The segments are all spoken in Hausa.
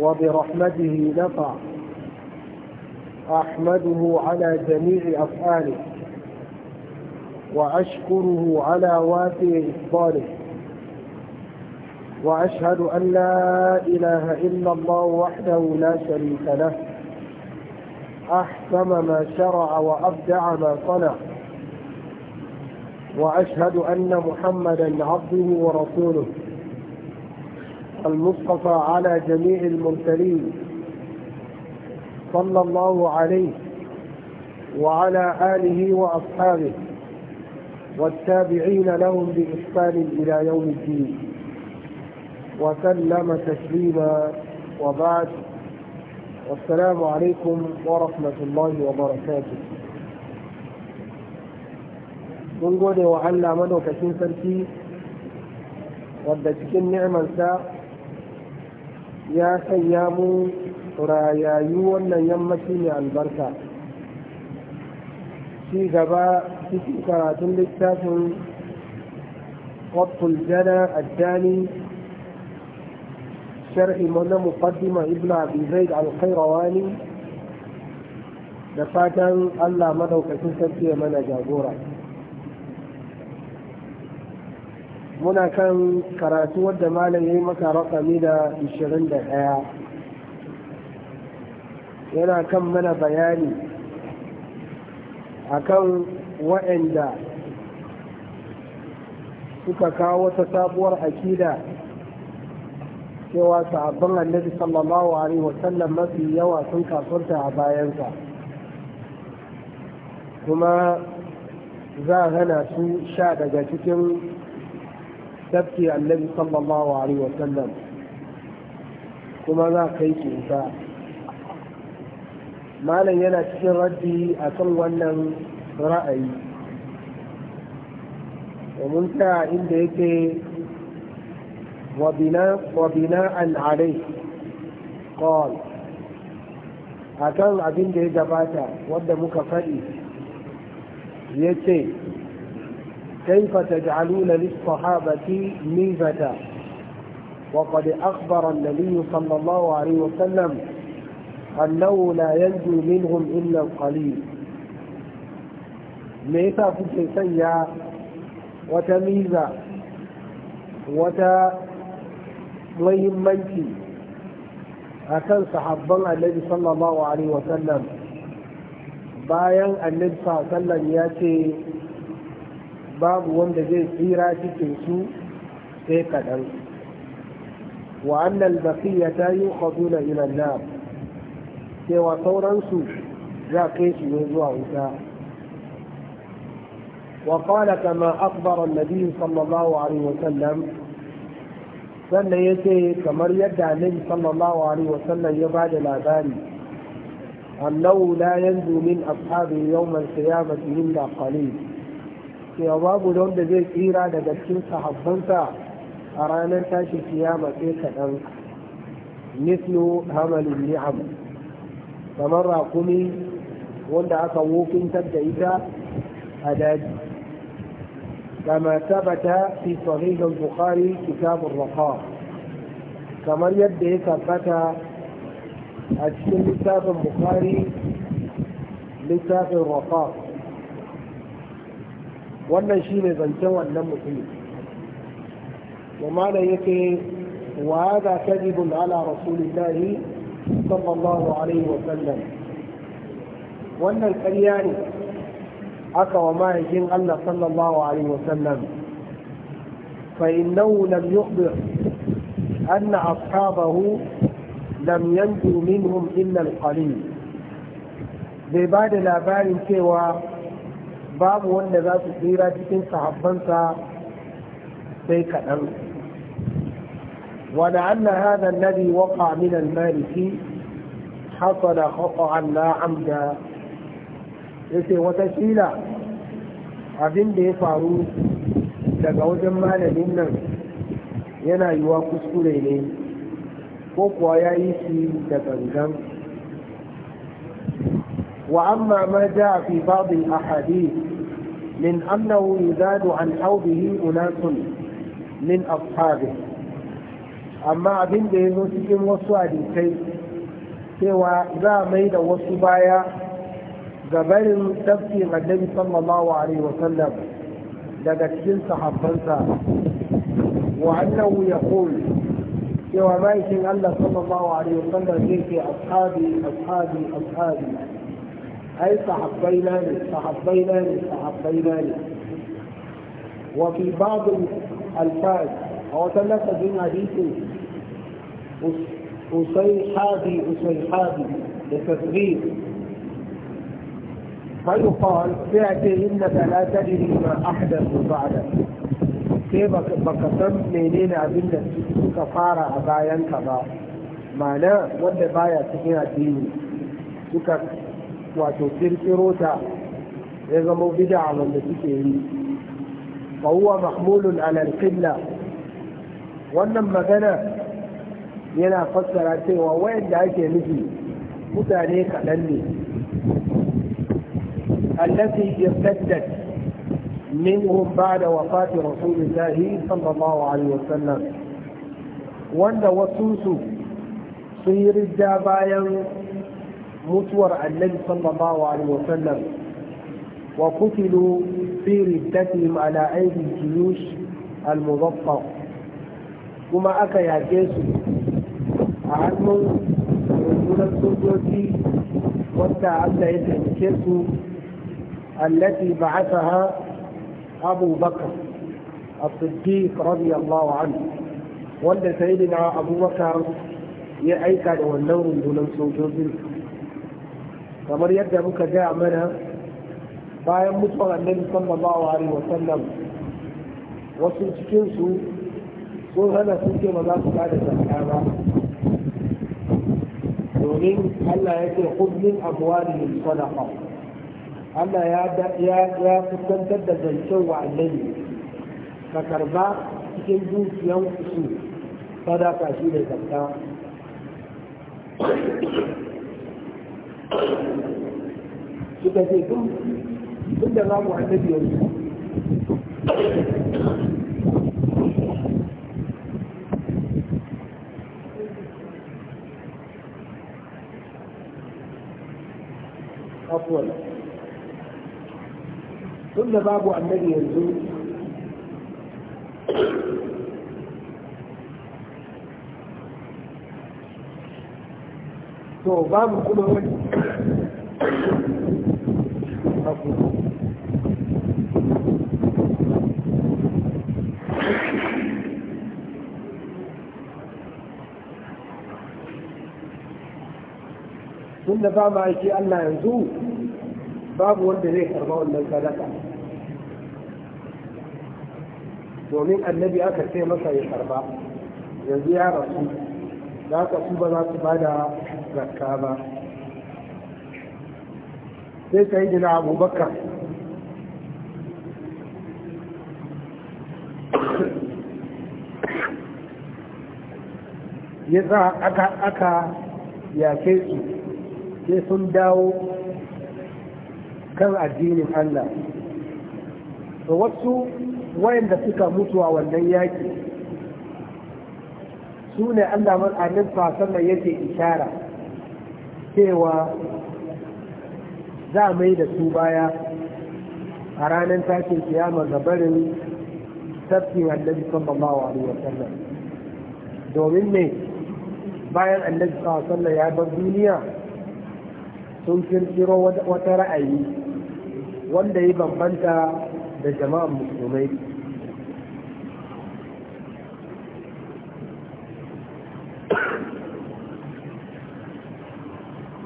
وبرحمته نفع أحمده على جميع أفعاله وأشكره على وافي إفضاله وأشهد أن لا إله إلا الله وحده لا شريك له أحكم ما شرع وأبدع ما صنع وأشهد أن محمدا عبده ورسوله المصطفى على جميع المرسلين صلى الله عليه وعلى آله وأصحابه والتابعين لهم بإحسان إلى يوم الدين وسلم تسليما وبعد والسلام عليكم ورحمة الله وبركاته mun وعلى wa Allah madaukakin sarki wadda cikin ni'imansa ya sanya mu rayayu wannan yammaci ne albarka ci gaba cikin karatun littafin waqful jana addani sharhi na muqaddima ibnu abi zaid al da fatan Allah madaukakin sarki mana jagora muna kan karatu wadda malam ya yi maka rakami da 21 yana kan mana bayani akan wa'anda suka kawo wata sabuwar akida cewa sahabban annabi sallallahu alaihi wasallam mafi yawa sun kafurta a bayansa kuma za hana su sha daga cikin tafki annabi sallallahu alaihi wasallam kuma za ka yi kyauta malam yana cikin rabbi a kan wannan ra'ayi domin tsaya inda yake وبناء عليه قال akan abin da ya gabata wadda muka faɗi ya ce كيف تجعلون للصحابة ميزة وقد أخبر النبي صلى الله عليه وسلم أنه لا ينجو منهم إلا القليل ميزة في وتميزة وتا muhimmanci a kan sahabban annabi sallallahu alaihi wasallam bayan annabi sallallahu ya ce babu wanda zai tsira cikin su sai kaɗan wa annal baqiya ta yuqaduna ila ila nar sai cewa sauransu za kai su ne zuwa wuta wa وقال كما أخبر النبي صلى الله عليه وسلم sannan ya ce kamar yadda annabi sallallahu alaihi wa sallam ya ba da labari annahu la yanzu min ashabi yawm al qiyamati illa qalil cewa babu wanda zai tsira daga cikin sahabbansa a ranar tashi kiyama sai kaɗan mislu hamalin ni'am kamar rakumi wanda aka wofintar da ita a daji kama tabata fi sahihin bukhari kitabun rafa kamar yadda ya tabbata a cikin littafin bukhari littafin rafa wannan shi ne zancen wannan mutumin da yake wa za ta jibin ala rasuli tari sallallahu alaihi wa sallam wannan ƙarya ne aka wa mahaifin allah sallallahu alaihi wa sallam فإنه لم يخبر أن أصحابه لم ينجو منهم إلا القليل. بباد لا بارين babu wanda za su tsira cikin sahabbansa sai kaɗan wada anna hadha alladhi waqa min al-maliki hasala khata'an la amda ce wata fila abin da ya faru daga wajen malamin nan yana yiwa kuskure ne ko kuwa ya yi shi da gangan واما ما جاء في بعض الأحاديث من أنه يزاد عن حوضه أناس من أصحابه أما أبن به نسكن وسؤال كي سوى ذا ميد وسبايا قبل تبكي النبي صلى الله عليه وسلم لدى كل صحابة وأنه يقول سوى ما الله صلى الله عليه وسلم كيف أصحابي أصحابي, أصحابي. أي صحبينان صحبينان صحبينان وفي بعض الفاظ هو ثلاثة دين حديث أصيحابي أصيحابي لتصغير فيقال سعت إن لا تدري ما أحدث بعدك كيف بكتم منين عبدنا كفارة أبايا كبار معناه ودبايا تهيئة ديني wato kirkiro ta ya zama bid'a wanda suke yi fa huwa mahmulun ala al-qibla wannan magana yana fassara cewa wayanda ake nufi mutane kaɗan ne allati irtaddat minhum ba'da wafati rasulillahi sallallahu alaihi wasallam wanda wasu su sun yi ridda bayan مصور النبي صلى الله عليه وسلم وقتلوا في ردتهم على أيدي الجيوش المضطة كما أكا يا جيسو أعلم رسول السجوتي وتا عبد يتنكسو التي بعثها أبو بكر الصديق رضي الله عنه ولد سيدنا أبو بكر يأيكا لو النور دون السجوتي kamar yadda muka gaya mana bayan mutuwar annabi sallallahu alaihi wa sallam wasu cikinsu sun hana sun ce ba za su ba da zakka ba domin Allah ya ce kullum amwalihim sadaqa Allah ya ya ya kusantar da zancen wa annabi ka karba cikin dukiyan su sadaka shi ne zakka suka ce tun da zamu annabi yanzu tun da babu annabi yanzu to babu kuma wani tun da ba ma yake Allah yanzu babu wanda zai karba wannan sadaka domin annabi aka ce masa ya karba yanzu ya rasu da aka su ba za su ba da zakka ba sai sayidina abubakar ya za aka aka yake su sai sun dawo kan addinin Allah da wasu wayanda suka mutuwa wannan yaki su ne Allah mal'anin fasar da yake ishara cewa za mai da su baya a ranar takin kiyama gabarin tafkin annabi sallallahu alaihi sallam domin ne bayan annabi sallallahu alaihi sallam ya bar duniya sun kirkiro wata ra'ayi wanda ya bambanta da jama'an musulmai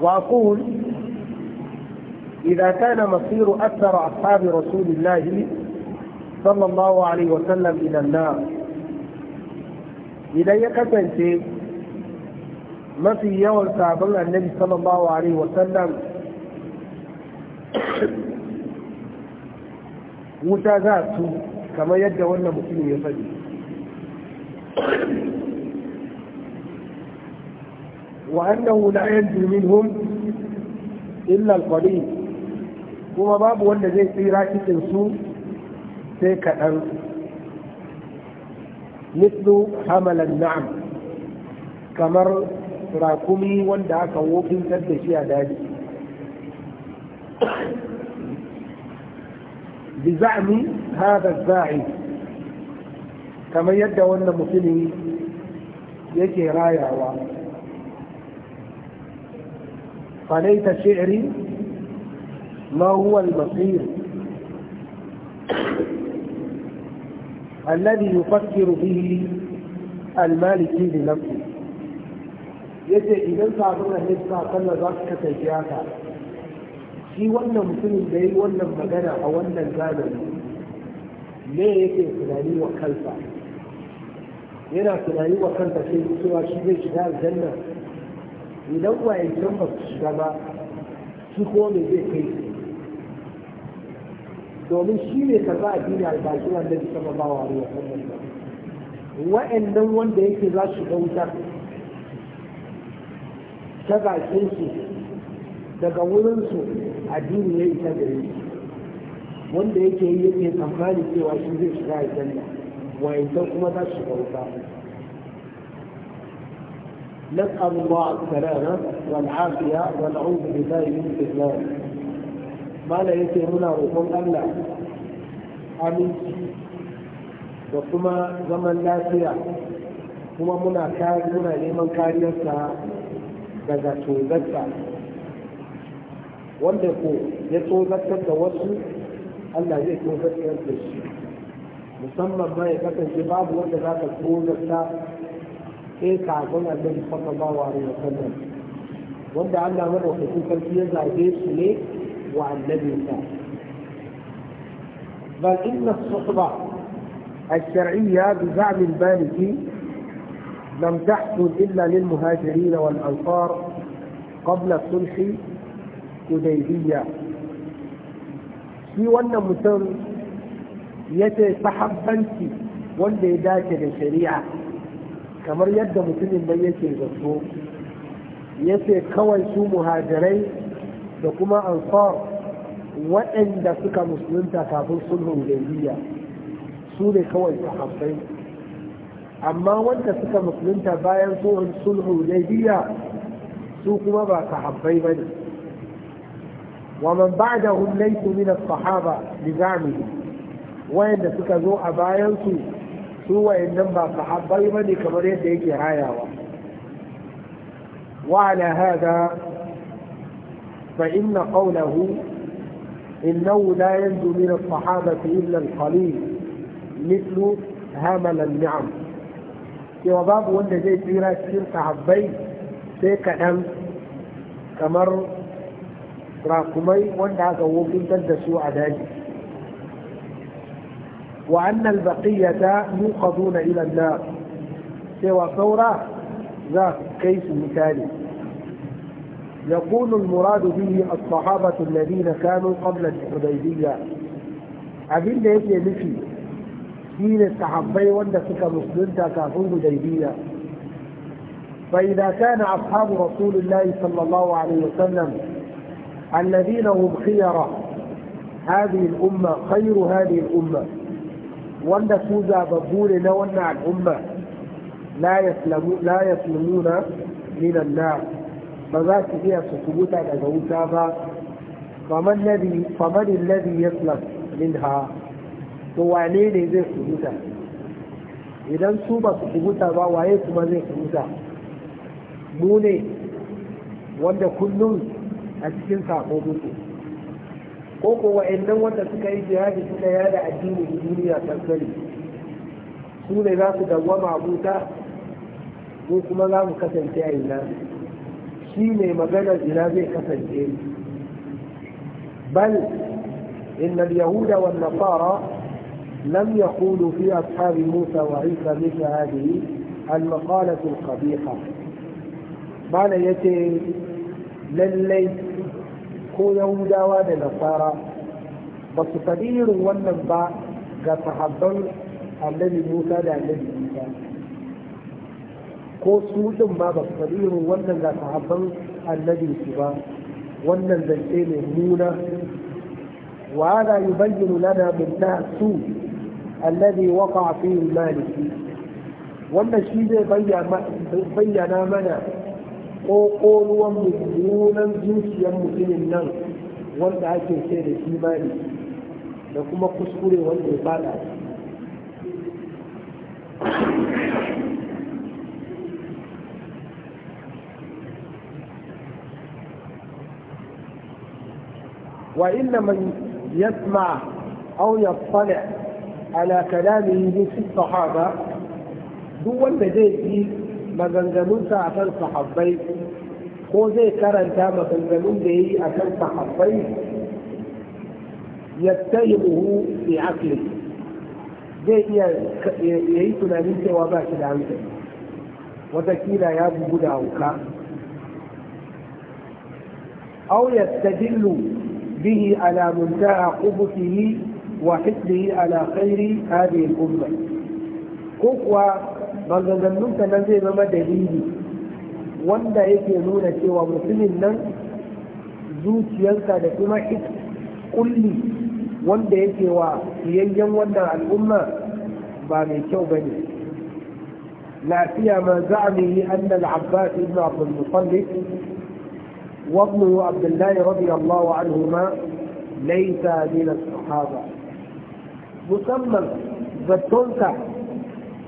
وأقول إذا كان مصير أكثر أصحاب رسول الله صلى الله عليه وسلم إلى النار إذا يكتنتي ما في يوم سابق النبي صلى الله عليه وسلم متازاته كما يدعو أن مسلم wannan وأنه لا ينجو منهم إلا القليل كما باب ولا زي سيراتي تنسو سيكا أن مثل حمل النعم كمر راكمي وندا كوفين تدشي أدادي بزعم هذا الزاعم كما يدى ولا مسلم يجي رايع وعلى فليت شعري ما هو المصير الذي يفكر به المالكي لنفسه yace idan sabon halitta sallah za su kasance haka shi wannan mutumin da ya yi wannan magana a wannan zamani me yake tunani wa kansa yana tunani wa kansa sai cewa shi zai shiga aljanna idan uwaye can ba su shiga ba shi zai kai su domin shi ne ka za a dina albashi wanda bisa sama ba wa ruwa wa'annan wanda yake za su ɗauka ta bakin su daga wurinsu addini ya ita gare su wanda yake yi yake tsammani cewa shi zai shiga a aljanna wa'annan kuma za su ɗauka نسأل الله السلامة والعافية والعوذ بالله من الإسلام ما لا يتي هنا روحون ألا أمين وكما زمن لا لافية كما منا كان منا لمن كان يسعى tozarta wanda ko ya tozartar da wasu Allah zai tozartar da shi musamman ma ya kasance babu wanda za ka tozarta sai kafin annabi sallallahu alaihi wasallam wanda Allah madaukakin sarki ya zabe su ne wa annabinsa بل إن الصحبة الشرعية بزعم البالكي لم تحصل إلا للمهاجرين والأنصار قبل صلح حديبية shi wannan mutum ya ce sahabbanci wanda ya dace da shari'a kamar yadda mutumin nan yake zato ya ce kawai su muhajirai da kuma ansar waɗanda suka musulunta kafin sulhun jayyiya su ne kawai sahabbai amma wanda suka musulunta bayan sulhun sulhun jayyiya su kuma ba sahabbai ba ne ومن بعدهم ليسوا من الصحابة بزعمهم وين سكزوا أبايانسوا su wayannan ba sahabbai bane kamar yadda yake rayawa وعلى هذا فإن قوله إنه لا ينجو من الصحابة إلا القليل مثل هامل النعم cewa babu wanda zai tsira cikin sahabbai sai kaɗan kamar rakumai wanda aka wofintar da su a daji وأن البقية يوقظون إلى النار سوى ثورة ذات كيس مثالي يقول المراد به الصحابة الذين كانوا قبل الحديبية أبين ليس لكي دين shi ne sahabbai مسلم suka musulunta فإذا كان أصحاب رسول الله صلى الله عليه وسلم الذين هم خيرة هذه الأمة خير هذه الأمة wanda su zababbu ne na wannan al'umma la yaslamuna minan na ba za su iya su kubuta daga wuta ba famanin alladhi ya alladhi yaslam ha. to wane ne zai kubuta idan su ba su kubuta ba waye kuma zai kubuta mu ne wanda kullum a cikin sako muke ko ko wa'annan wanda suka yi jihadi suka yada addinin duniya sansani su ne za su dawwama abuta ko kuma za mu kasance a ina shi ne maganar ina zai kasance bal إن اليهود والنصارى لم يقولوا في أصحاب موسى وعيسى مثل هذه المقالة القبيحة معنى يتي للي ko yahudawa da nasara ba su faɗi irin wannan ba ga sahabban annabi musa da annabi isa ko su ɗin ma ba su faɗi irin wannan ga sahabban annabi su ba wannan zance ne nuna wa ana bayyana lana min su alladhi waqa'a fihi maliki wannan shi zai bayyana mana ko koruwan mummunan mutumin nan wanda ake ce da kimani da kuma kuskure wanda ya fada wa inna man yasma aw yattali ala kalamihi min sahaba duk wanda zai yi maganganunsa a kan sahabbai ko zai karanta maganganun da ya yi a kan sahabbai ya buhu bi akli zai iya ya yi tunanin cewa ba shi da hankali watakila ya bugu da hauka أو يستدل به على منتهى قبته وحفظه على خير هذه الأمة kuwa. maganganunka nan zai zama dalili wanda yake nuna cewa mutumin nan zuciyarsa da kuma kulli wanda yake wa siyayyen wannan al'umma ba mai kyau ba ne لا سيما زعمه ان العباس بن عبد المطلب وابنه عبد الله رضي الله عنهما ليس من الصحابه مسمى زتونتا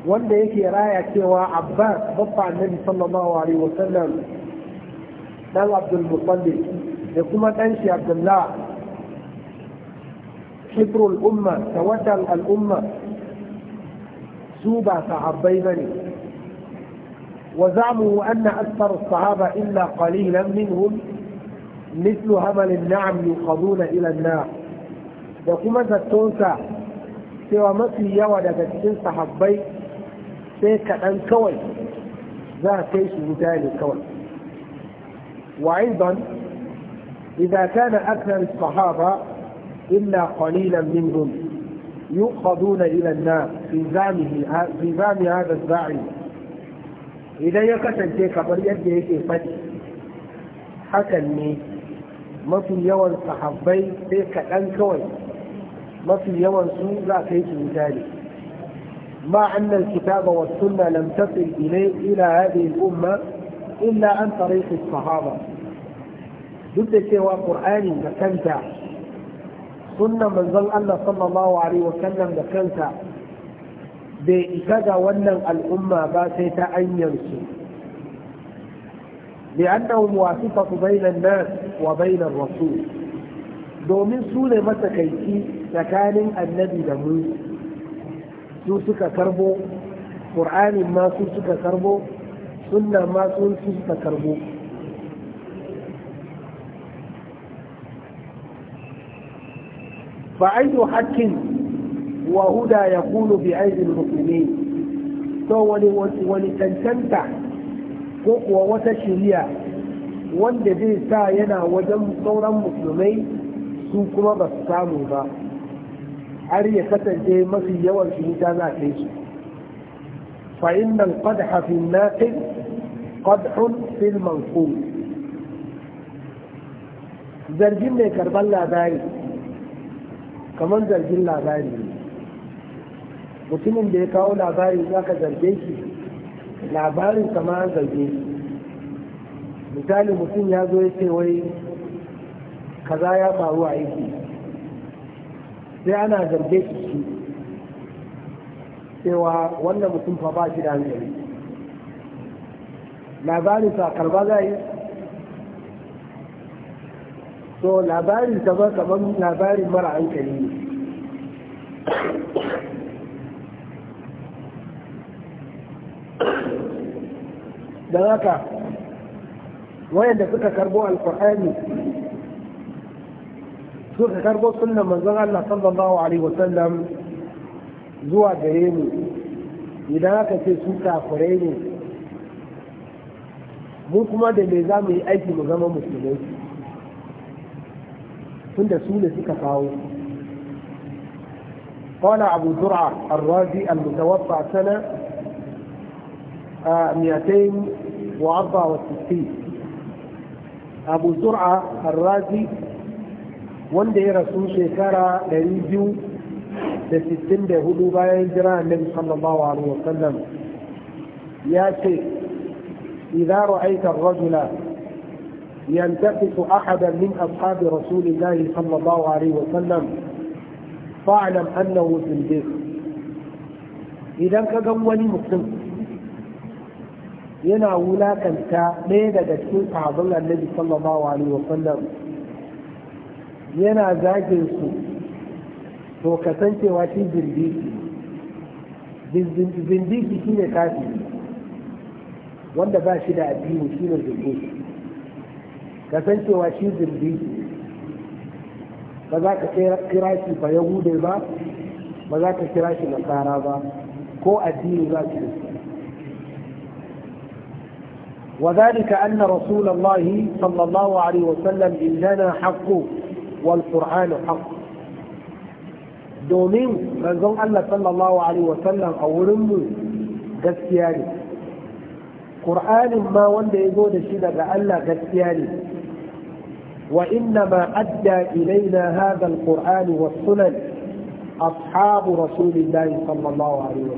wanda yake raya cewa abbas babba annabi sallallahu alaihi wasallam dan abdul muttalib da kuma dan shi abdullah hibrul umma tawaddal al umma su ba sahabbai bane وزعموا أن أكثر الصحابة إلا قليلا منهم مثل همل النعم يقضون إلى النار وكما تتونسى سوى مصر يوى لكتشين صحابي sai kaɗan kawai za a kai shi وأيضا إذا كان أكثر الصحابة إلا قليلا منهم يؤخذون إلى النار في زعمه في زعم هذا الزعيم إذا يكتن شيء قبل يده في فتح حكمني ما في يوم صحابي في كأن كوي ما في يوم سوء لا كيس مثالي مع أن الكتاب والسنة لم تصل إليه إلى هذه الأمة إلا عن طريق الصحابة duk da cewa ƙur'ani da kanta sunnan manzon Allah sallallahu alaihi wasallam da kanta bai isa ga wannan al'umma ba sai ta hanyar su لأنهم واسطة بين الناس وبين الرسول domin suna ne matsakaici tsakanin annabi da mu su suka karbo ƙur'anin ma su suka karbo sunna ma su suka karbo فأي حق وهدى يكون بأيدي المسلمين تو ولتنتنت قوة وتشريع wanda zai sa yana wajen sauran musulmai su kuma ba su samu ba har ya kasance mafi yawan shi wuta za ta yi fa innal qadha fi naqid qadhun fil ku? zargin mai karban labari kamar zargin labari mutumin da ya kawo labari za ka zarge shi labarin kamar zarge shi misali mutum ya zo ya ce wai kaza ya faru a aiki sai ana zarge shi cewa wannan mutum fa ba shi da hankali labarin sa karba za yi so labarin sa ba kamar labarin mara hankali ne don haka wayanda suka karbo alkur'ani suka karbo sunnan manzon Allah sallallahu alaihi Sallam zuwa gare mu idan aka ce su kafirai ne mu kuma da me za mu yi aiki mu zama musulmai tunda su ne suka kawo قال أبو زرعة الرازي المتوفى سنة 264 أبو زرعة الرازي wanda ya rasu shekara 264 bayan jira annabi sallallahu alaihi wasallam ya ce idza ra'aita ar-rajula ينتقص أحدا من أصحاب رسول الله صلى الله عليه وسلم فاعلم أنه في البيت إذا كجولي مسلم ينا ولا كنت ليه دكتور صحاب النبي صلى الله عليه وسلم yana zagin su to kasancewa shi zindiki zindiki shi ne wanda ba shi da addini shi ne zindiki kasancewa shi zindiki ba za ka kira shi ba yahudai ba ba za ka kira shi nasara ba ko addini za su وذلك أن رسول الله صلى الله عليه وسلم إن لنا حقه wal qur'anu haqq domin manzon Allah sallallahu wa sallam a wurin mu gaskiya ne qur'anin ma wanda ya zo da shi daga Allah gaskiya ne wa inna ma adda ilaina hadha al qur'an was sunan ashabu rasulillahi sallallahu alaihi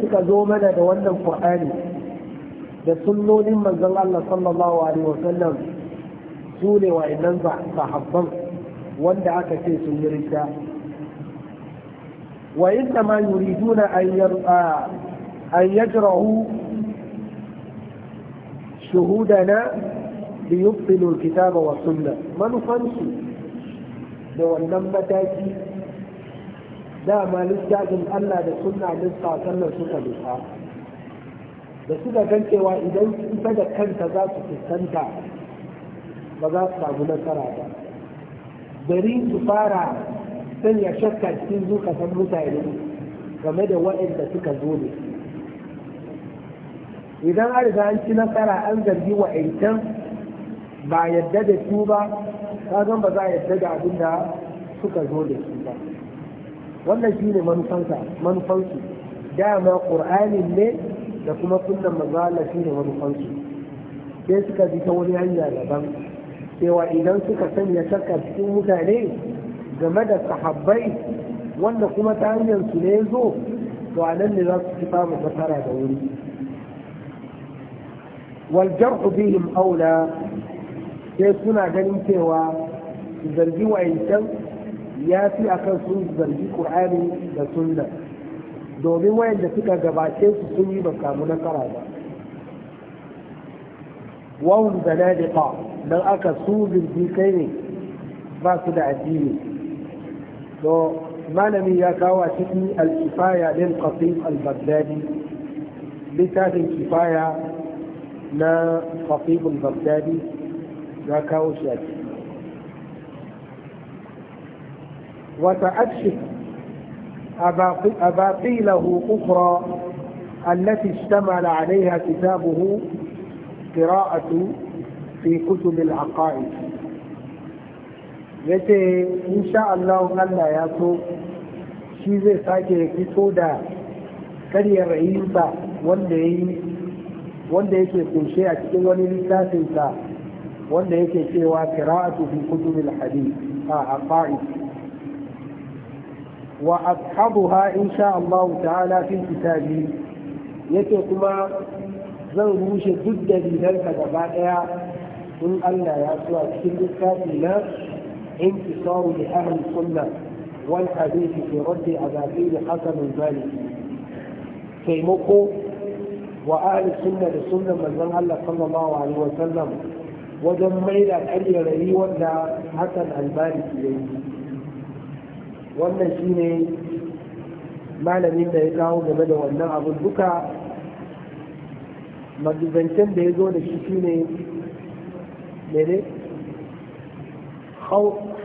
suka zo mana da wannan qur'ani da sunnonin manzon Allah sallallahu alaihi wa sallam su ne wa'annan sahabban wanda aka ce sun yi rida wa inda ma yuriduna an yajra'u shuhudana liyubtilu alkitaba wa sunna manufansu da wannan mataki dama littafin Allah da sunna din sakallar suka bisa da suka gancewa idan ita da kanta za su fuskanta ba za su samu nasara ba bari su fara sanya shakka cikin zukatan mutane game da waɗanda suka zo ne idan an riga an ci nasara an zargi wa'ancan ba yadda da su ba kagan ba za a yadda da abin da suka zo da su ba wannan shi ne manufansu dama ƙur'anin ne da kuma sunan manzo Allah shi ne manufansu sai suka ji ta wani hanya daban cewa idan suka sanya shakka cikin mutane game da sahabbai wanda kuma ta hanyar su ne zo to a nan ne za su kifa mu nasara da wuri wal jar'u bihim aula sai suna ganin cewa su zargi wa'incan ya fi akan sun zargi qur'ani da sunna domin wayanda suka gabace su sun yi ba samu nasara ba وهم بنادقة لو أكسوا بالبيكين باسد عديم لو ما نمي يكاوى تكني الكفاية للقصيم البغدادي لتاد الكفاية لا قصيم البغدادي يكاوى شاكي وتأكشف أباقي له أخرى التي اشتمل عليها كتابه القراءة في كتب العقائد yace sha Allah Allah ya so shi zai sake fito da karyar rayinsa wanda yayi wanda yake kunshe a cikin wani littafinsa wanda yake cewa qira'atu fi kutubil hadith a aqaid wa ashabuha sha Allah ta'ala fi kitabi yake kuma zan rushe duk dalilanka gaba ɗaya in Allah ya so a cikin littafi na انتصار لأهل السنة والحديث في رد أبابيل حسن ذلك taimako wa ahli sunna da sunnan manzon Allah sallallahu alaihi wa sallam wajen maida ƙaryarayi wanda hakan albari ya yi wannan shine malamin da ya kawo game da wannan abin duka magizancen da ya zo da shi shine mene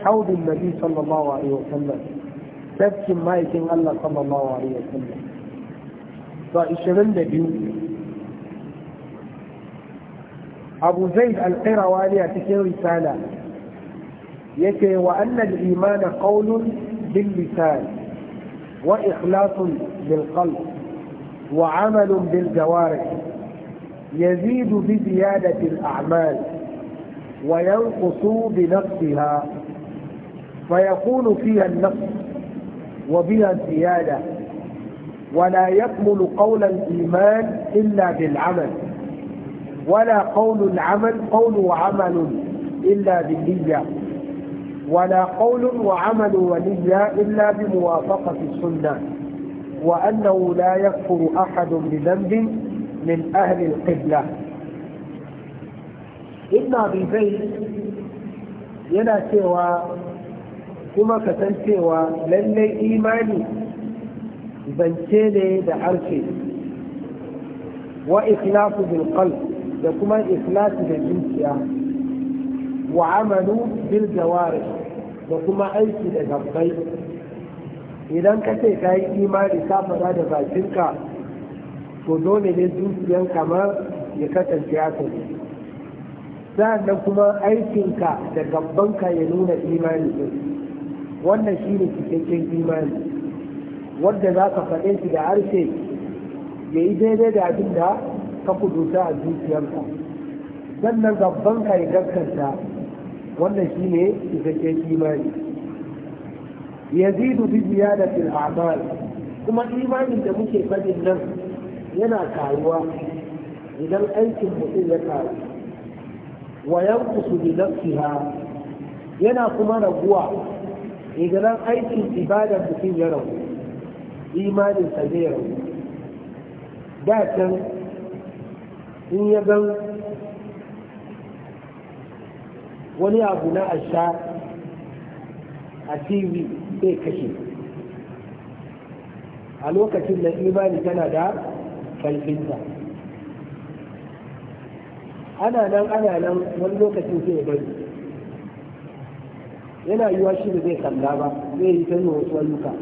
haudin nabi sallallahu alaihi wa sallam tafkin ma'aikin Allah sallallahu alaihi wa sallam ba to 22 abu zaid al-qirawani a cikin risala yake wa annal imana qawlun bil lisan wa ikhlasun bil qalb wa amalun يزيد بزيادة الأعمال وينقص بنقصها فيكون فيها النقص وبها الزيادة ولا يكمل قول الإيمان إلا بالعمل ولا قول العمل قول وعمل إلا بالنية ولا قول وعمل ونية إلا بموافقة السنة وأنه لا يكفر أحد بذنب من أهل القبلة ابن أبي زيد yana cewa kuma ka san cewa lallai imani zance ne da harshe wa ikhlasu bil qalb da kuma ikhlasu da zuciya wa amalu bil jawari da kuma aiki da gabbai idan ka ce ka yi imani ka faɗa da bakinka to dole ne dukiyan kamar ya kasance ya tafi sa'annan kuma aikinka da gabbanka ya nuna imani din wannan shi ne cikakken imani wanda za ka faɗe shi da harshe ya yi daidai da abin da ka kuduta a zuciyarka sannan gabbanka ya gaskanta wannan shi ne cikakken imani yazidu bi ziyadatil a'mal kuma imanin da muke faɗin nan yana karuwa idan aikin mutum ya karu wa yankusu bi nafsiha yana kuma raguwa idan aikin ibadar mutum ya ragu imanin sa zai ragu da can in ya gan wani abu na asha a tv bai kashe a lokacin da imani tana da kaifinta ana nan ana nan wani lokacin sai bari yana yiwa shi da zai kalla ba zai yi ta wasu ayyuka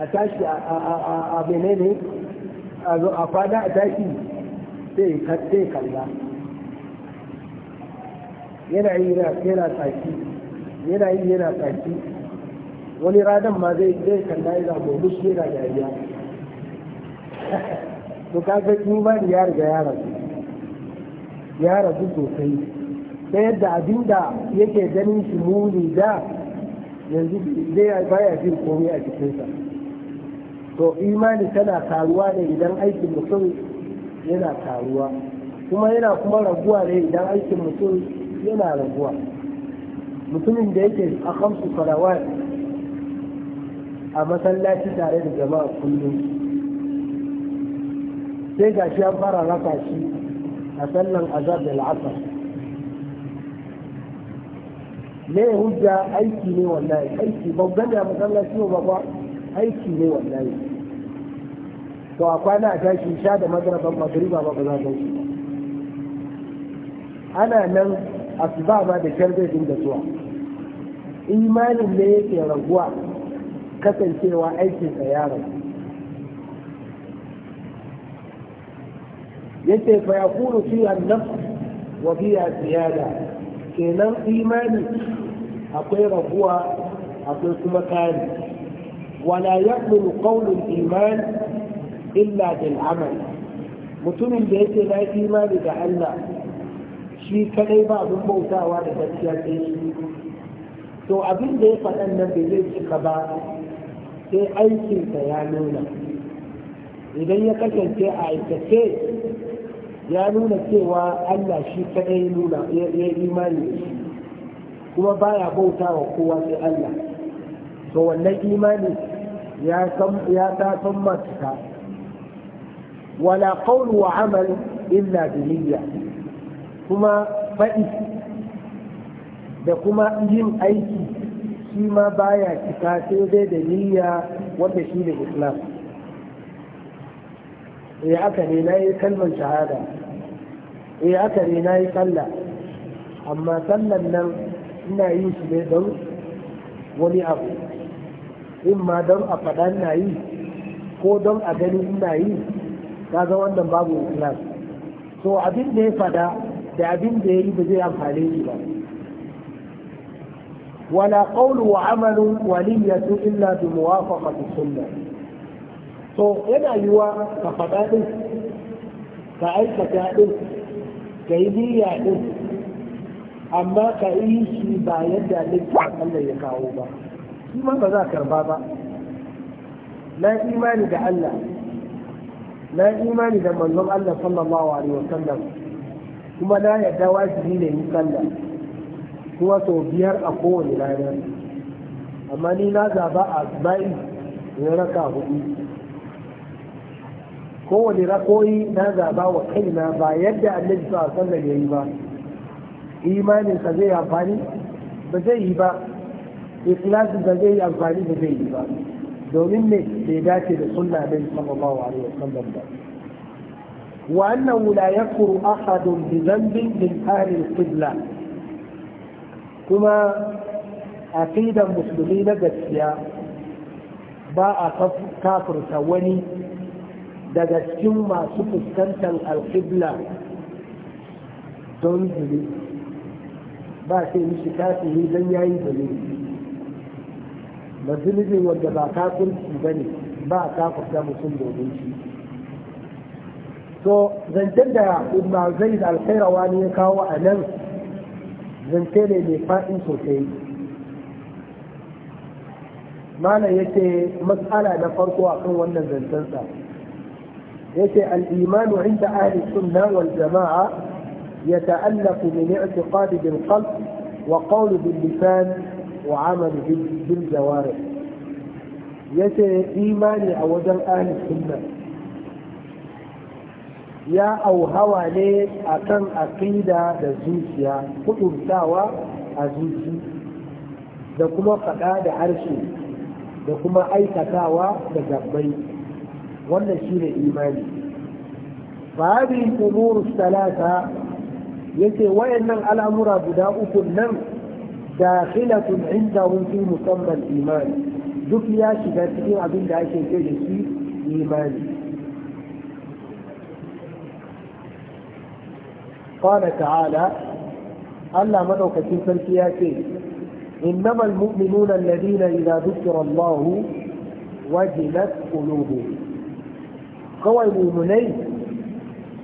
a tashi a benene a fada a tashi sai kalla yana yi yana tsaki yana yi yana tsaki wani radan ma zai kalla yana gobe shi yana dariya to kaga imani ya riga ya rasu ya rasu sosai ta yadda abin da yake ganin shi muni da yanzu zai baya jin komai a cikinsa to imani tana karuwa ne idan aikin mutum yana karuwa kuma yana kuma raguwa ne idan aikin mutum yana raguwa mutumin da yake a kamsu farawa a masallaci tare da jama'a kullum sai ga shi an fara raka shi a sallan azab da al'asar ne hujja aiki ne wallahi aiki ban gani a shi ba ba aiki ne wallahi to a kwana a tashi sha da madraban magriba ba ba za ta shi ana nan asuba ba da kyar zai dinga zuwa imanin ne yake raguwa kasancewa aikinsa ya ragu yace fa yakunu fiha an-nafs wa fiha ziyada kenan imani akwai rabuwa akwai kuma kari wala yaqbulu qawlu al-iman illa bil amal mutumin da yake na imani da Allah shi kadai ba abin bautawa da gaskiya sai shi to abin da ya faɗan nan bai zai cika ba sai aikinsa ya nuna idan ya kasance a aikace ya nuna cewa Allah shi kadai nuna ya imani kuma baya bauta wa kowa sai Allah to wannan imani ya san ya ta san matuka wala qawl wa amal illa bi kuma faɗi da kuma yin aiki shi ma baya cika sai dai da niyya wanda shi ne islam ya aka ne na yi kalmar shahada eh aka ne na yi kalla, amma sallan nan ina yi shi ne don wani abu in ma don a faɗa na yi ko don a gani ina yi kaga wannan babu islam to abin da ya faɗa da abin da ya yi ba zai amfane shi ba ولا قول وعمل ولية إلا بموافقة السنة to yana yiwa ka faɗa ɗin ka aikata ɗin ka yi niyya din amma ka yi shi ba yadda littafin Allah ya kawo ba shi ma ba za a karba ba na imani da Allah na imani da manzon Allah sallallahu alaihi wasallam kuma na yadda wajibi ne yi sallah kuma sau biyar a kowane rana amma ni na zaba a bayi in raka hudu kowane rakoyi na zaba wa kaina ba yadda annabi a sallam ya yi ba imanin ka zai amfani ba zai yi ba ikhlasin da zai yi amfani ba zai yi ba domin ne bai dace da sunna nan sallallahu alaihi wasallam ba wa annahu la yakuru ahadun bi dhanbin min ahli qibla kuma aqidan musulmi na gaskiya ba a kafurta wani daga cikin masu fuskantar alƙibla don zuri ba sai kafin yi don yayi zuri ba zunubin wanda ba kafirci ba ne ba a kafirta mutum domin shi to zancen da zai da alkhairawa ne ya kawo a nan zance ne mai faɗin sosai malam yake matsala na farko akan wannan zancensa يشيء الإيمان عند أهل السنة والجماعة يتألف من اعتقاد بالقلب وقول باللسان وعمل بالجوارح يشيء إيماني أو أهل السنة ya auhawa ne a kan aƙida da zuciya kudurtawa a zuci da kuma faɗa da harshe da kuma aikatawa da gabbai wannan shi ne imani fahadi umuru talata yake wayannan al'amura guda uku nan dakhilatun inda fi musamman imani duk ya shiga cikin abin da ake ce da shi imani قال تعالى ألا مدعو كثير فالكياتي إنما المؤمنون الذين إذا ذكر الله وجلت قلوبهم kawai mumunai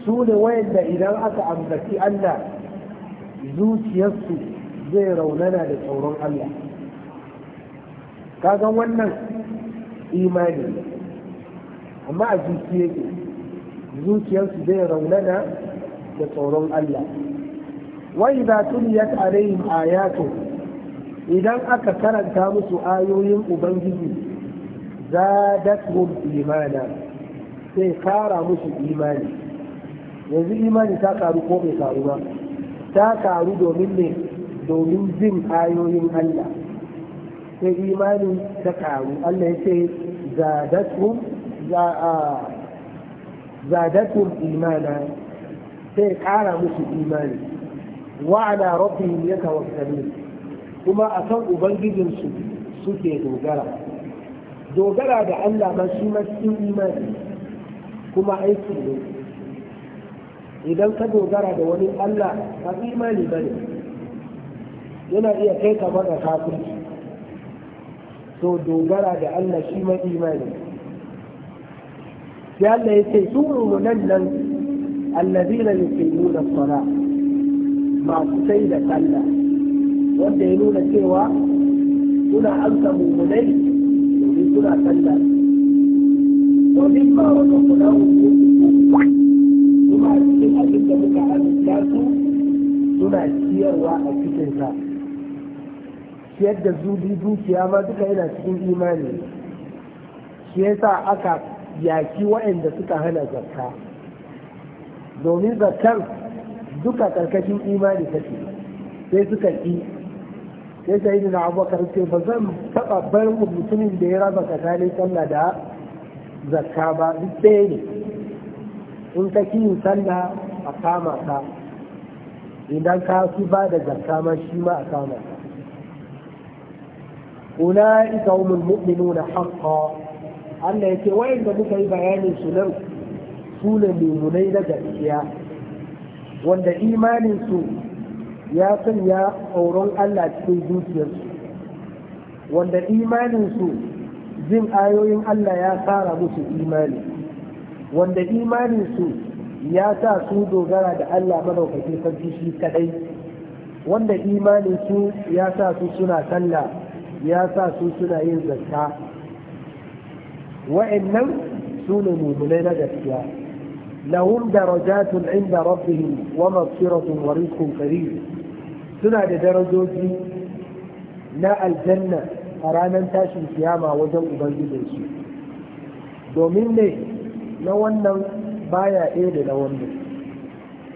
su ne wayanda idan aka ambaci Allah zuciyarsu zai raunana da tsoron Allah kaga wannan imani amma a zuciya ke zuciyarsu zai raunana da tsoron Allah wai za tuliyat alaihim ayatu idan aka karanta musu ayoyin ubangiji za zadatuhum imana sai kara musu imani yanzu imani ta karu ko bai karu ba ta karu domin ne domin jin ayoyin Allah sai imani ta karu Allah ya ce zadatun imana sai kara musu imani wa ala rabbihim yatawakkalun kuma akan ubangijinsu suke dogara dogara da Allah ba shi ma cikin imani kuma aiki ne idan ka dogara da wani Allah ba imani ba ne yana iya kai ka maka kafin to dogara da Allah shi ma imani sai Allah ya ce su nan nan allazina yuqimuna as-sala masu sai da sallah wanda ya nuna cewa suna amsa mumunai domin suna sallah suna ciyarwa a cikin ciyar da zubi dukiya ma duka yana cikin imani shi yasa aka yaki waɗanda suka hana zakka domin zakkar duka karkashin imani take sai suka ƙi sai sai na abokan ce ba zan taɓa bar mutumin da ya raba tsakanin sallah da zakka ba duk ɗaya ne in ka yin sallah a kama ka idan ka fi ba da zakka ma shi ma a kama ka أولئك هم المؤمنون حقا Allah ya ce wayanda muka yi bayanin su nan su ne mummunai na gaskiya wanda imaninsu ya sanya tsoron Allah cikin zuciyarsu wanda imaninsu jin ayoyin Allah ya fara musu imani wanda imaninsu ya sa su dogara da Allah madaukakin sarki shi wanda imaninsu su ya sa su suna sallah ya sa su suna yin zakka wa'annan su ne mummunai na gaskiya lahum darajatun inda rabbihim wa maghfiratun wa rizqun karim suna da darajoji na aljanna a ranar tashin kiyama wajen ubangijinsu domin ne na wannan baya ɗaya da na wannan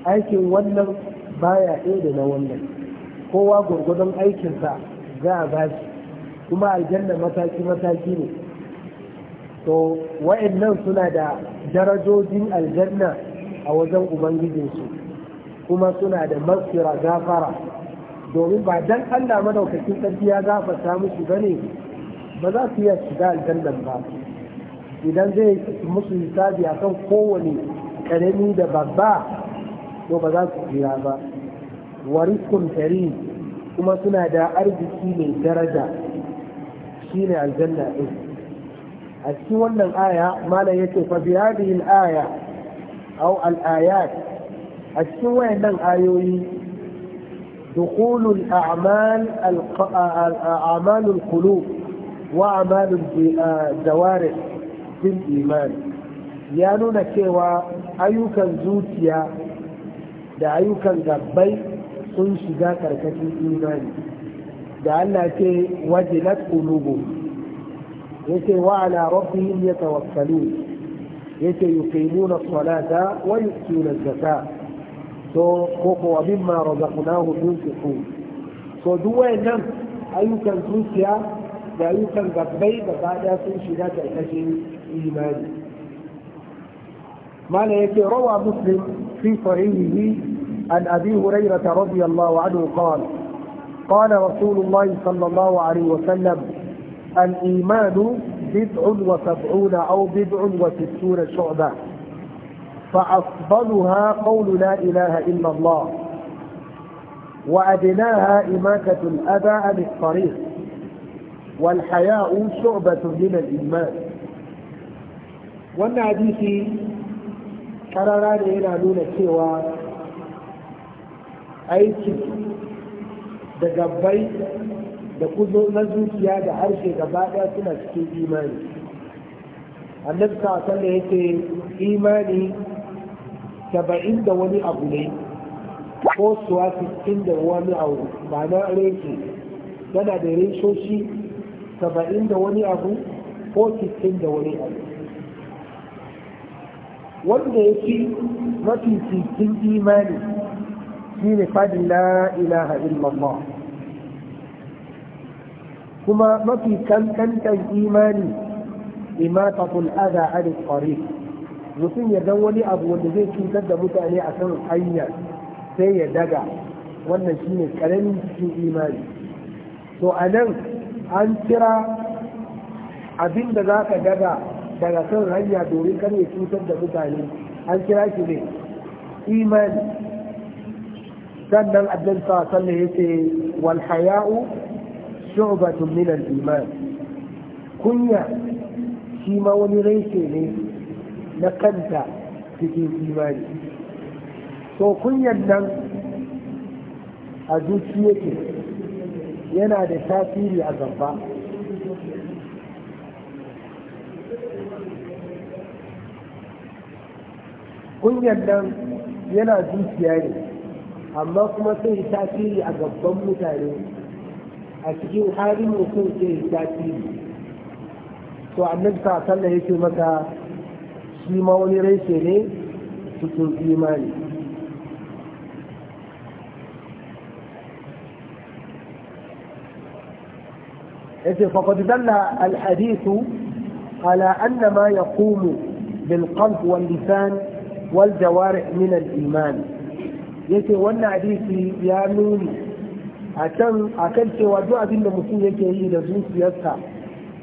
aikin wannan baya ɗaya da na wannan kowa gwargwadon aikinsa za a ba shi kuma aljanna mataki-mataki ne to wa'annan suna da darajojin aljanna a wajen ubangijinsu kuma suna da masira gafara domin ba dan Allah madaukakin sarki ya gafarta musu bane ba za su iya shiga aljannan ba idan zai musu hisabi akan kowane karami da babba to ba za su jira ba warikun rizqun kuma suna da arziki mai daraja shine aljanna din a cikin wannan aya malam yace fa bi hadhihi al-aya aw al-ayat a cikin wayannan ayoyi دخول الأعمال أعمال القلوب وأعمال الزوارح في الإيمان يعنون كيوا أيوكا زوتيا دا أيوكا غبي سنشدا كركة الإيمان دا أن كي وجلت قلوبهم يكي وعلى ربهم يتوكلون يكي يقيمون الصلاة ويؤتون الزكاة so koko wa mimma razaqnahu yunfiqun so duk nan ayyukan zuciya da ayyukan gabbai da bada sun shiga karkashin imani mala yake روى muslim fi صحيحه an abi هريره radiyallahu anhu qala قال قال رسول الله صلى الله عليه وسلم الايمان بضع وسبعون او بضع وستون شعبه فأفضلها قول لا إله إلا الله وأدناها إماكة الأبى عن الطريق والحياء شعبة من الإيمان وأن عديثي قرران إلى نون سوى أي شيء دقبيت دقل نزل في هذا عرش دبابة نسكي إيماني النبي صلى الله عليه وسلم إيماني saba'in da wani abu ne ko suwa sittin da wani abu ba na reshe yana da reshoshi saba'in da wani abu ko sittin da wani abu wanda ya fi mafi cikin imani shi ne fadin la ilaha illallah kuma mafi kankantan imani imatatul adha an tariq mutum ya dan wani abu wanda zai cutar da mutane a kan hanya sai ya daga wannan shine karamin cikin imani to a nan an kira abin da za ka daga daga kan hanya domin kar ya cutar da mutane an kira shi ne imani sannan abin sa sallah ya ce wal haya'u shu'batun min al iman kunya shi ma wani rai ne na kanta cikin imani to kunyan nan a zuci yake yana da tasiri a gaba kunyan nan yana zuciya ne amma kuma sai tasiri a gaban mutane a cikin halin mutum sai tasiri to annabi sallallahu alaihi wasallam yake maka shi ma wani reshe ne cikin imani yace faqad dalla al hadith ala annama ma yaqumu bil qalb wal lisan wal jawarih min al iman yace wannan hadisi ya nuni A kan cewa duk abin da mutum yake yi da zuciyarsa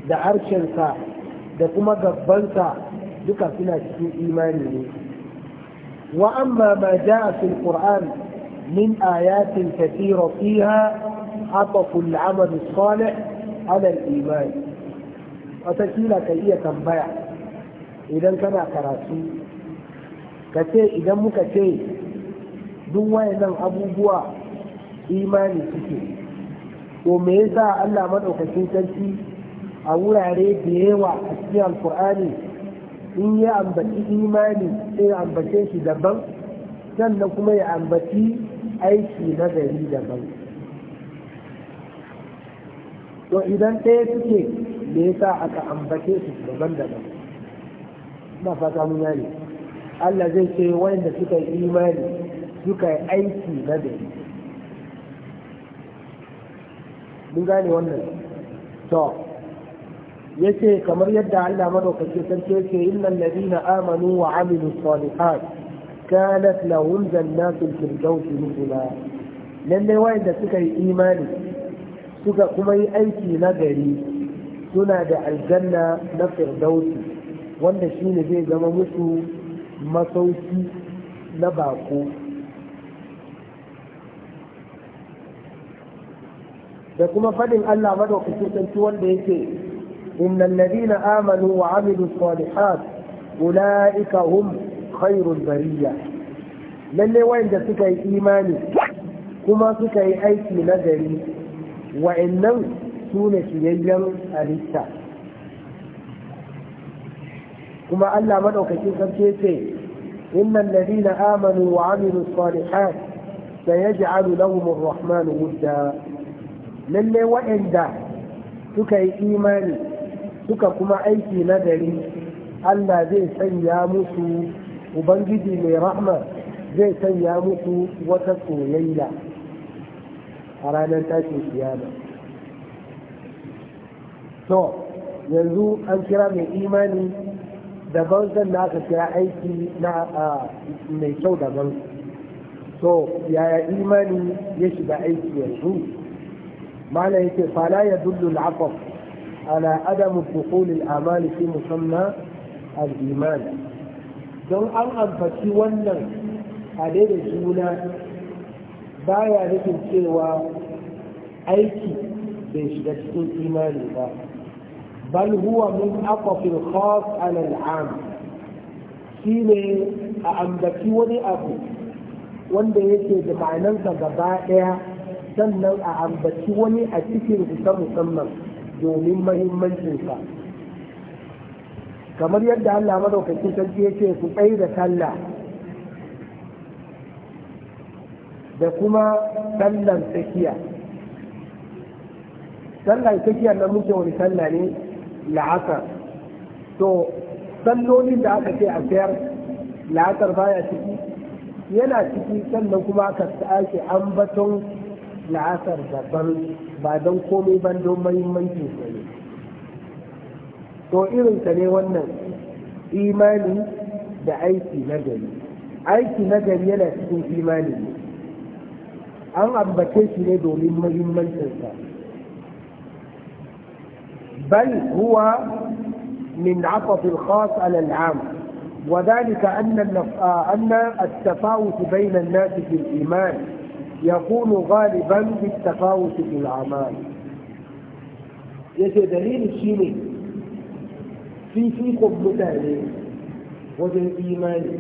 da harshensa da kuma gabbansa دكا فينا شيء إيماني وأما ما جاء في القرآن من آيات كثيرة فيها عطف العمل الصالح على الإيمان وتشيل كيئة تنبيع إذا كان كراسي كتي إذا مو كتي دوائنا أبو بوا إيماني كتي وميزا ألا من أكتين تنسي أولا عليه بيهوى القرآني in ya ambaci imani sai ya ambace shi daban sannan kuma ya ambaci aiki na gari daban to idan ɗaya suke da ya sa aka ambace su daban daban na fata mun gane Allah zai ce wanda suka yi imani suka yi aiki na gari mun gane wannan to yace kamar yadda Allah madaukake sarki yake innal ladina amanu wa amilu salihat kanat lahum jannatu firdaus nuzula lalle wayanda suka yi imani suka kuma yi aiki na gari suna da aljanna na firdaus wanda shine zai zama musu masauki na bako da kuma fadin Allah madaukake sarki wanda yake إن الذين آمنوا وعملوا الصالحات أولئك هم خير البرية للي وين دا سكي إيماني كما سكي أيتي نذري وإنهم سونة يجل أليسا كما ألا من أكتب سبتيتي إن الذين آمنوا وعملوا الصالحات سيجعل لهم الرحمن غدا للي وين دا سكي إيماني suka kuma aiki na gari Allah zai sanya musu ubangiji mai rahma zai sanya musu wata soyayya a ranar tashin kiyama to yanzu an kira mai imani daban da aka kira aiki na mai kyau daban to yaya imani ya shiga aiki yanzu Mala yake fala ya dullu al'afaf على عدم دخول الأعمال في مسمى الإيمان don an amfaci wannan a da juna baya nufin cewa aiki bai shiga cikin imani ba bal huwa min aqfil khas ala al'am shine a ambaci wani abu wanda yake da ma'anarsa gaba ɗaya sannan a ambaci wani a cikin kusa musamman domin mahimmancinsa kamar yadda Allah madaukakin sarki yake su tsaye da sallah da kuma sallan tsakiya sallan tsakiya na muke wani sallah ne la'asar to sallolin da aka ce a fayar la'asar baya ciki yana ciki sannan kuma aka sake ambaton la'asar daban ba don komai ban don mahimmancin sa ne to irin ka ne wannan imani da aiki na gari aiki na gari yana cikin imani ne an ambace shi ne domin sa bal huwa min عطف الخاص على العام وذلك أن أن التفاوت بين الناس في الإيمان يكون غالبا بالتفاوت في الأعمال yace dalili shi ne fifikon mutane wajen imani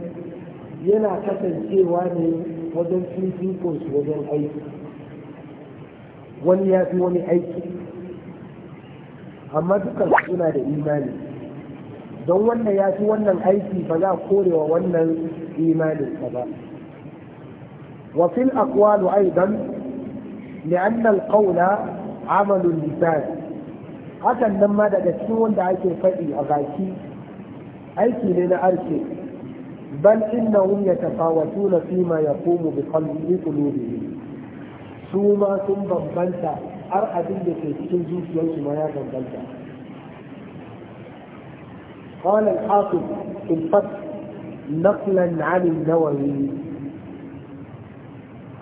yana kasancewa ne wajen fifikon wajen aiki wani ya fi wani aiki amma dukkan suna da imani don wannan ya fi wannan aiki ba za a korewa wannan imanin ba وفي الأقوال أيضا لأن القول عمل اللسان hakan nan ma daga cikin wanda ake faɗi a baki aiki ne na arke bal innahum yatafawatuna fima yaqumu bi qalbi qulubihim su ma sun bambanta har abin da ke cikin zuciyarsu ma ya bambanta قال الحافظ في الفتح نقلا عن النووي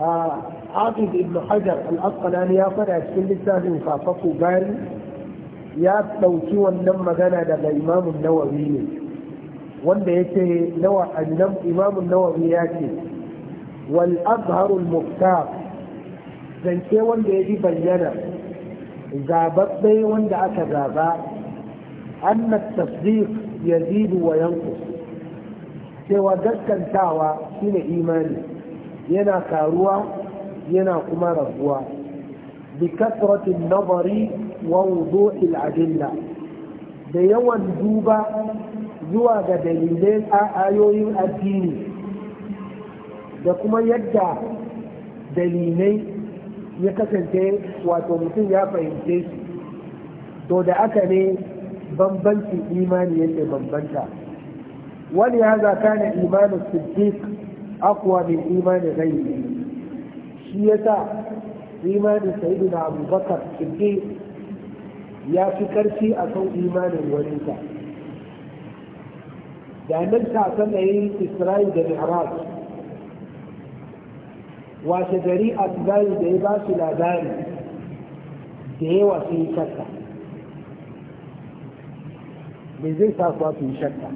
Abid ibn Hajar al-Asqalani ya fada cikin lissafin Fafaku Gari ya ɗauki wannan magana daga Imamun Nawawi ne wanda yake nawa annam Imamun Nawawi ya ce wal azharu al zance wanda ya bi bayyana zababbe wanda aka zaba anna tasdiq yazidu wa yanqus cewa gaskantawa shine imani yana karuwa yana kuma rabuwa bi kasratin nazari wa wudu'il adilla da yawan duba zuwa ga dalilai a ayoyin addini da kuma yadda dalilai ya kasance wato mutum ya fahimce su to da aka ne bambancin imani yake bambanta wani ya zaka na imanin siddiq aqwa min imani ghairi shi ya sa imanin sayyidina abubakar siddiq ya fi karfi a kan imanin waninsa da nan ta san yi isra'i da mi'raj washe gari a tsibari da ya ba su labari da yawa sun yi shakka me zai sa kuwa su yi shakka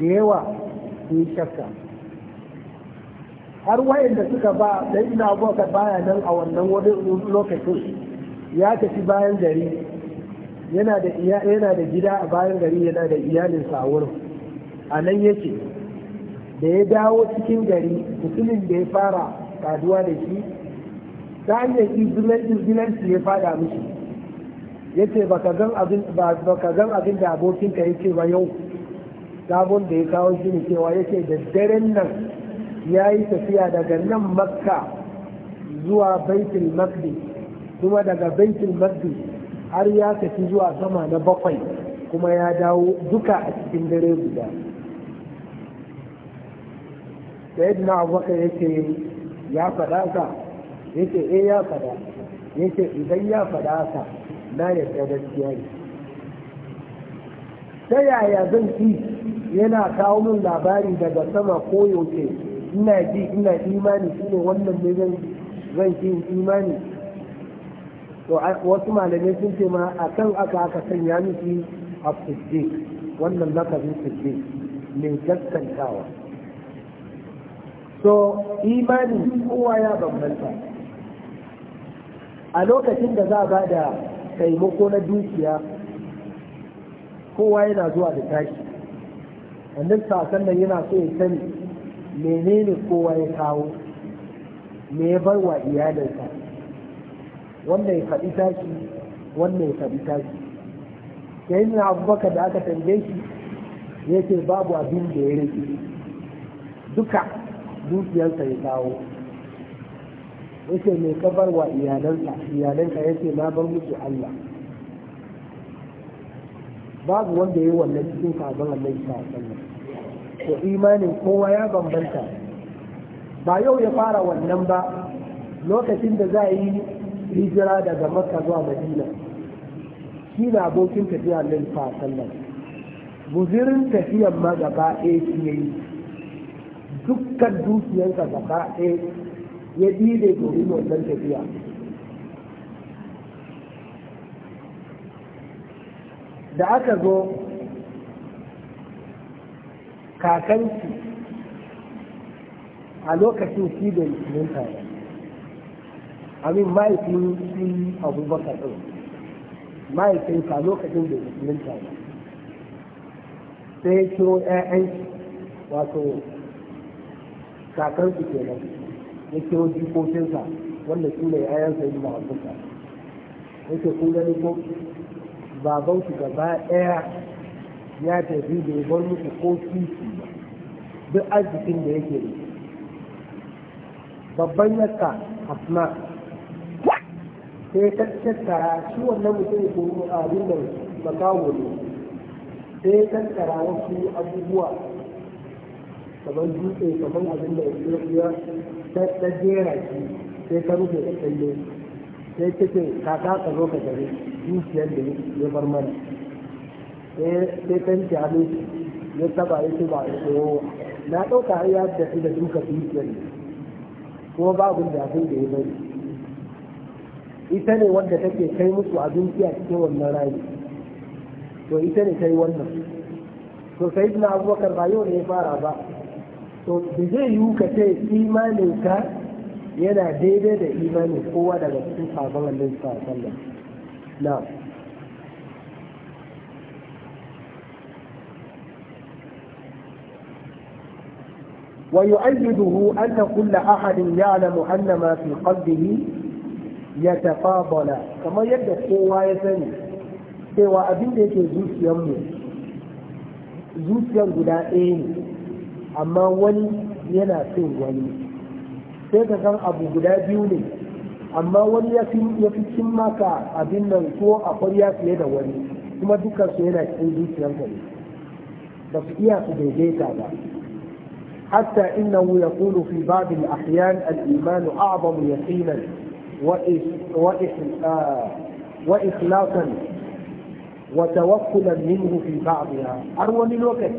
da yawa sun shakka har wayanda suka ba da ina abokan baya nan a wannan wani lokacin ya tafi bayan gari yana da yana da gida a bayan gari yana da iyalinsa a wurin a nan yake da ya dawo cikin gari mutumin da ya fara kaduwa da shi ta hanyar izilanci ya fada mishi ya ce ba ka gan abin da abokin ka ce ba yau sabon da ya kawo shi ne cewa yake da daren nan ya yi tafiya daga nan makka zuwa baitul makdi kuma daga baitul makdi har ya tafi zuwa sama na bakwai kuma ya dawo duka a cikin dare guda sayyidina abubakar yake ya faɗa ka yake eh ya faɗa yake idan ya faɗa ka na yadda gaskiya ne ta yaya zan ci yana kawo min labari daga sama ko yaushe ina ji ina imani shine wannan ne zan zan ji imani to wasu malamai sun ce ma akan aka aka sanya miki a siddiq wannan lakabin siddiq mai gaskantawa so imani kowa ya bambanta a lokacin da za a ba da taimako na dukiya kowa yana zuwa da tashi annan sallallahu alaihi yana so ya sani menene kowa ya kawo me ya bar wa iyalinsa wannan ya faɗi tashi wannan ya faɗi tashi sai na abubakar da aka tambaye shi ya ce babu abin da ya rage duka dukiyarsa ya kawo ya ce mai kabar wa iyalinsa iyalansa ya ce na bar musu Allah babu wanda ya yi wannan cikin sabon Allah alaihi wasallam to imanin kowa ya bambanta ba yau ya fara wannan ba lokacin da za a yi hijira daga makka zuwa madina shi na abokin tafiya nan fa sallan guzirin tafiyan ma gaba ɗaya shi ya yi dukkan dukiyarsa gaba ɗaya ya ɗide domin wannan tafiya da aka zo Kakansu a lokacin shi da musulunta ne amin mahaifin shi abubakar ɗin ka lokacin da musulun tare sai ya kiro ‘ya'yan wato kakansu kenan ya kiro jikokinsa wanda su ne ‘ya'yan sa yi ya ce kun gani ko babansu gaba ɗaya ya tafi da ya bar musu ko kifi. duk arzikin da yake da babban yaka asma sai ta tattara shi wannan mutum ko abin da kawo ne sai ta tattara wasu abubuwa kamar dutse kamar abin da ya ta jera shi sai ta rufe da tsalle sai ta ce kaka ka zo ka gare dukiyar da ya bar mana sai ta yanke hannu ya taba ya ce ba a yi na ɗauka har ya tafi da duka dukiyar ne kuma babu da abin da ya bari ita ne wanda take kai musu abinci a cikin wannan rayu. to ita ne kai wannan to sai na abubakar ba yau ne ya fara ba to da zai yi ka ce imanin ka yana daidai da imanin kowa daga cikin sabon Allah sallallahu alaihi wasallam na'am ويؤيده أن كل أحد يعلم أن ما في قلبه يتفاضل كما يبدأ قوة يسني سوى أبين ديك زوس يمو زوس يمو لا أما ولي ينا سين ولي سيكا كان أبو قدا بيوني أما ولي يفي كمكا أبين ننسو أقريا سيدا ولي ثم dukkan su yana cikin zuciyar بس ba su iya حتى إنه يقول في بعض الأحيان الإيمان أعظم يقينا وإخلاصا وتوكلا منه في بعضها أروى من وقت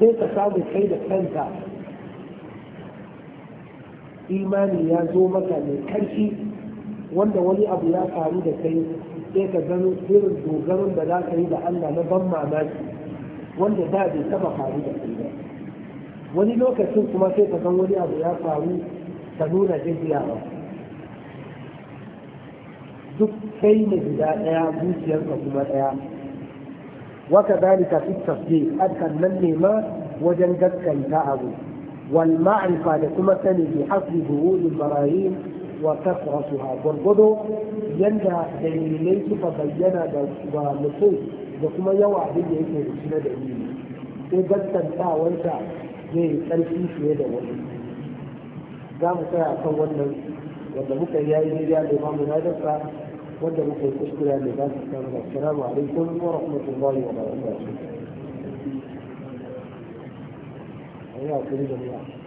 كيف صعب الحيدة كانت إيمان يا زومك من كل شيء وأن ولي أبياء فعيدة كيف كيف زنو سير الزوغر بلا كيف أن نظم ماشي وأن ذا بسبب فعيدة كيف wani lokacin kuma sai ka san wani abu ya faru ka nuna gajiyawa duk kai ne guda ɗaya ka kuma ɗaya waka zalika fi tafsir adkan nan ne ma wajen gaskanta abu wal ma'rifa da kuma sani bi hasbi buhulul marayi wa kasratuha gurgudu yanda dalilai suka bayyana da ba mutum da kuma yawa abin da yake da shi na dalili sai gaskantawarsa zai yi ƙarfi fiye da wani za mu tsaya kan wannan wanda muka yi yayi daidai da imamu na dasa wanda muka yi kuskure da za su samu da assalamu alaikum wa rahmatullahi wa barakatuh ayi hakuri da mu